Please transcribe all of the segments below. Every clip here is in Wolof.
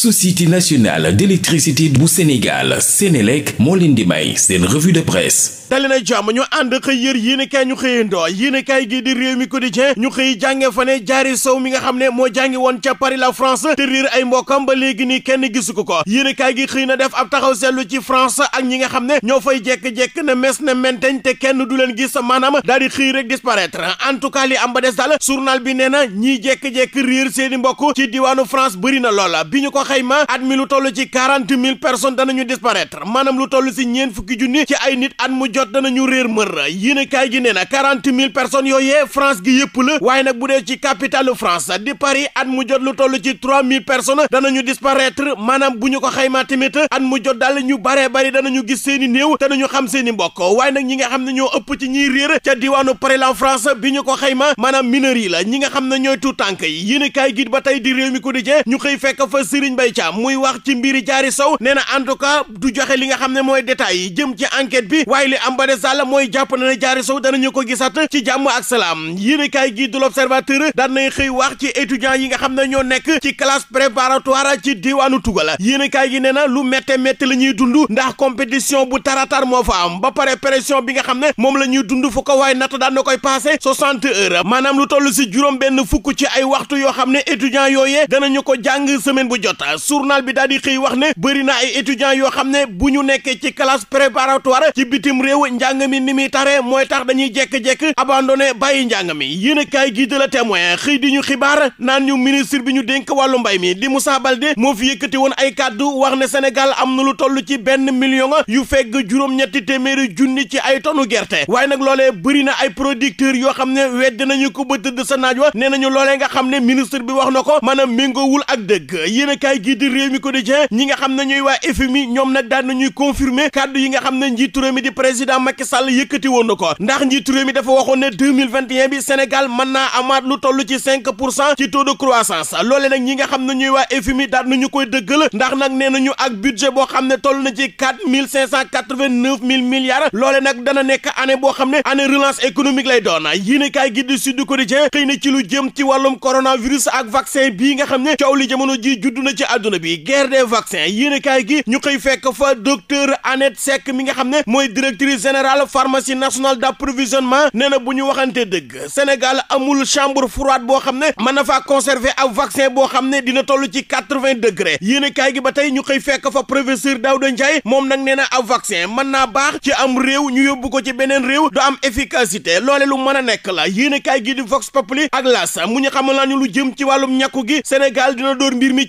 société nationale d'électricité bu Sénégal Sénélec moo leen di may seen revue de presse dali na ñu ànd xëy yër yéenekaay ñu xëyandoo yéenekaay gi di réew mi quotidien ñu xëy jànge fa ne jaari sow mi nga xam ne moo jàngi woon ca Paris la France te réer ay mbokkam ba léegi nii kenn gisu ko ko yéenekaay gi xëy na def ab taxaw seetlu ci France ak ñi nga xam ne ñoo fay jekk-jekk na mes na menteñ te kenn du leen gis maanaam daal di xëy rek disparaître en tout cas li am ba bi nee na ñiy jekk-jekk réer seeni mbokk ci diwaanu France xayma at mi lu toll ci quarante mille personnes danañu disparaître maanaam lu toll si ñeen fukki junni ci ay nit at nee na quarante mille personnes yooyee France gi yëpp la waaye nag bu dee ci capitale France di Paris at mu jot lu toll ci trois mille personnes danañu disparaître bu ñu ko xaymaa tamit at mu jot daal ñu baree bari ñu gis seen i néew te nañu xam seen i mbokk waaye nag ñi nga xam ne ñoo ëpp ci ñiy réer ca diwaanu Paris la France bi ñu ko xayma maanaam mineur yi la ñi nga xam ne ñooy tuutànk yi yéene kaay gi ba tey di réew mi ko di ñu xëy fekk fa Serigne Mbaye Thiam muy wax ci mbiri jaari saw nee na du joxe li nga xam ne mooy détails yi jëm ci enquête bi waaye li am ba des daal mooy jàpp na ne jaari saw danañu ko gisaat ci jàmm ak salaam yéenekaay gi du L'Observateur daan nay xëy wax ci étudiants yi nga xam ne ñoo nekk ci classe préparatoire ci diwaanu Tugal kaay gi nee na lu métte métte la ñuy dund ndax compétition bu taratar moo fa am ba pare pression bi nga xam ne moom la ñuy dund fu ko waaye natt daan koy passé soixante heures maanaam lu toll si juróom benn fukk ay waxtu yoo xam ne étudiants yooyee danañu ko jàng journal bi daal di xëy wax ne bëri na ay étudiants yoo xam ne bu ñu nekkee ci classe préparatoire ci bitim réew njàng mi ni muy tare mooy tax dañuy jekk-jekk abandonné bàyyi njàng mi yéen a kaay gii de la témoin xëy di ñu xibaar naan ñu ministre bi ñu dénk wàllu mbay mi di Moussa de moo fi yëkkati woon ay kàddu wax ne Sénégal am na lu toll ci benn million yu fegg juróom-ñetti téeméeri junni ci ay tonu gerte waaye nag loole bëri na ay producteurs yoo xam ne wedd nañu ko ba tëdd sa naaj wa nee nañu loolee nga xam ne ministre bi wax na ko maanaam méngoowul ak dëgg yéen gii di réew mi quotidien ñi nga xam na ñooy waa FMI ñoom nag daan nañuy confirmer kàddu yi nga xam ne njiitu réew mi di président Macky Sall yëkkati woon na ko ndax njiitu réew mi dafa waxoon ne bi Sénégal mën naa amaat lu toll ci cent ci taux de croissance loole nag ñi nga xam ne ñooy waa FMI daan nañu koy dëggal ndax nag nee nañu ak budget boo xam ne toll na ci 4 589 000 milliards loole nag dana nekk année boo xam ne année relance économique lay doon na ci lu àdduna bi guerre des vaccins yéenekaay gi ñu xëy fekk fa docteur Annette Seck mi nga xam ne mooy directrice générale pharmacie nationale d'approvisionnement nee na bu ñu waxante dëgg Sénégal amul chambre froide boo xam ne mën na faa conserver ab vaccin boo xam ne dina toll ci quatre-vingts degrés yéenekaay gi ba tey ñu xëy fekk fa professeur Daouda Ndiaye moom nag nee na ab vaccin mën naa baax ci am réew ñu yóbbu ko ci beneen réew du am efficacité loole lu mën a nekk la yéenekaay gi di Vox Populi ak L'As mu ñu xamal nañu lu jëm ci wàllum ñàkku gi Sénégal dina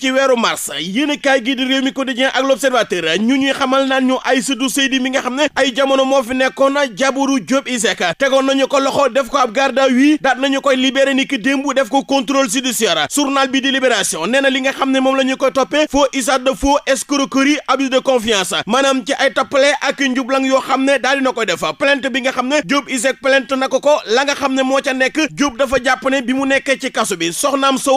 ci weeru mars mars yéen a kaay gii di réew mi quotidien ak l'observateur ñu ñuy xamal naan ñu Aïssatou Seydi mi nga xam ne ay jamono moo fi nekkoon jabaru Diop Iseg tegoon nañu ko loxo def ko ab garde à vue daat nañu koy libéré ni ki démb def ko contrôle judiciaire journal bi di libération nee li nga xam ne moom la ñu koy toppee faux usage de faux escroquerie abus de confiance maanaam ci ay tappale ak njublang yoo xam ne daal dina koy def plainte bi nga xam ne Diop Iseg ko la nga xam ne moo ca nekk Diop dafa jàpp ne bi mu nekkee ci kaso bi soxnaam sa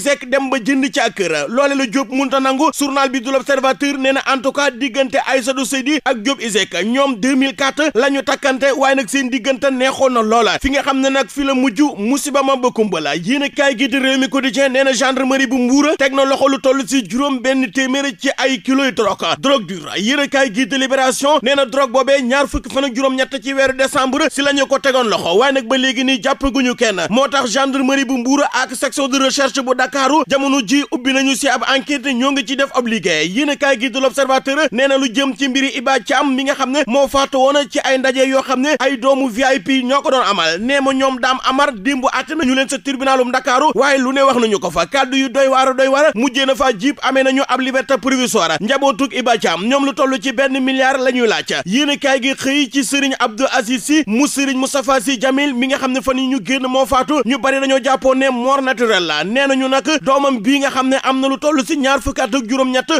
Idriss dem ba jënd ci kër loole la Diop munta nangu journal bi du l'Observateur nee na en tout cas diggante Aïssatou Seydi ak Diop Isaac ñoom 2004 la ñu takkante waaye nag seen diggante neexoon na loola fi nga xam ne nag fi la mujj musiba ma ba kumba la yéen a kaay gi di réew mi quotidien nee na gendarmerie bu Mbuur teg na loxo lu toll si juróom benn téeméer ci ay kilo yu drogue drogue dure yéen a gi di libération nee na drogue boobee ñaar fukki fan ak juróom-ñett ci weeru décembre si la ñu ko tegoon loxo waaye nag ba léegi nii jàpp guñu kenn moo tax gendarmerie bu Mbuur ak section de recherche Ndakaaru jamono ji ubbi nañu si ab enquête ñoo ngi ci def ab liggéey yéen kaay gi du l'observateur nee na lu jëm ci mbiri Iba Thiam mi nga xam ne moo faatu woon ci ay ndaje yoo xam ne ay doomu VIP ñoo ko doon amal nee ma ñoom daam amar démb àtte nañu leen sa tribunalum Ndakaaru waaye lu ne wax nañu ko fa kàddu yu doy waar doy waar mujjee na faa jiib amee nañu ab liberté provisoire njabootug Iba Thiam ñoom lu toll ci benn milliard la ñuy laaj yéen a kaay gi xëy ci Serigne Abdou Aziz Sy mu Serigne Moustapha Sy mi nga xam ne fan yi ñu génn moo faatu ñu bari dañoo jàppoon ne mort naturelle la nee nañu nag doomam bii nga xam ne am na lu toll si ñaar fukki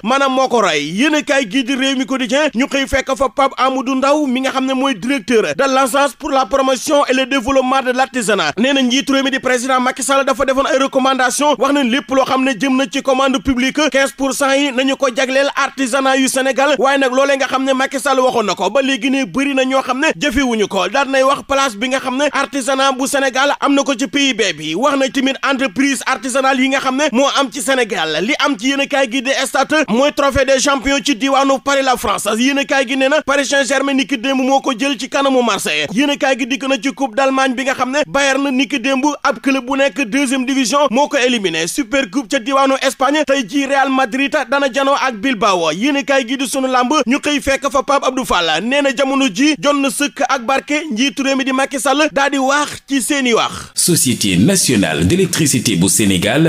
maanaam moo ko rey yéen a kaay gii di mi ñu xëy fekk fa Pape Amadou Ndaw mi nga xam ne mooy directeur de l'agence pour la promotion et le développement de l'artisanat nee na njiitu réew mi di président Macky Sall dafa defoon ay recommandation wax na lépp loo xam ne jëm na ci commande publique 15 pour cent yi nañu ko jagleel artisanat yu Sénégal waaye nag loolee nga xam ne Macky Sall waxoon na ko ba léegi ne bëri na ñoo xam ne jëfewuñu ko daal nay wax place bi nga xam ne artisanat bu Sénégal am na ko ci PIB bi wax na tamit entreprise artisanale yi nga xam ne moo am ci Sénégal li am ci yéen a gi di stade mooy trophée des champions ci diwaanu Paris la France yéen a gi nee na Paris Saint-Germain niki démb moo ko jël ci kanamu Marseille yéen a kaay gi dikk na ci coupe d'Allemagne bi nga xam ne Bayern niki démb ab club bu nekk deuxième division moo ko éliminé super coupe ca diwaanu Espagne tey jii Real Madrid dana janoo ak Bilbao yéen a kaay gi di sunu làmb ñu koy fekk fa Pape Abdou Fall nee na jamono ji jon na sëkk ak barke njiitu réew mi di Macky Sall daal di wax ci seeni wax. Société nationale d'électricité bu Sénégal.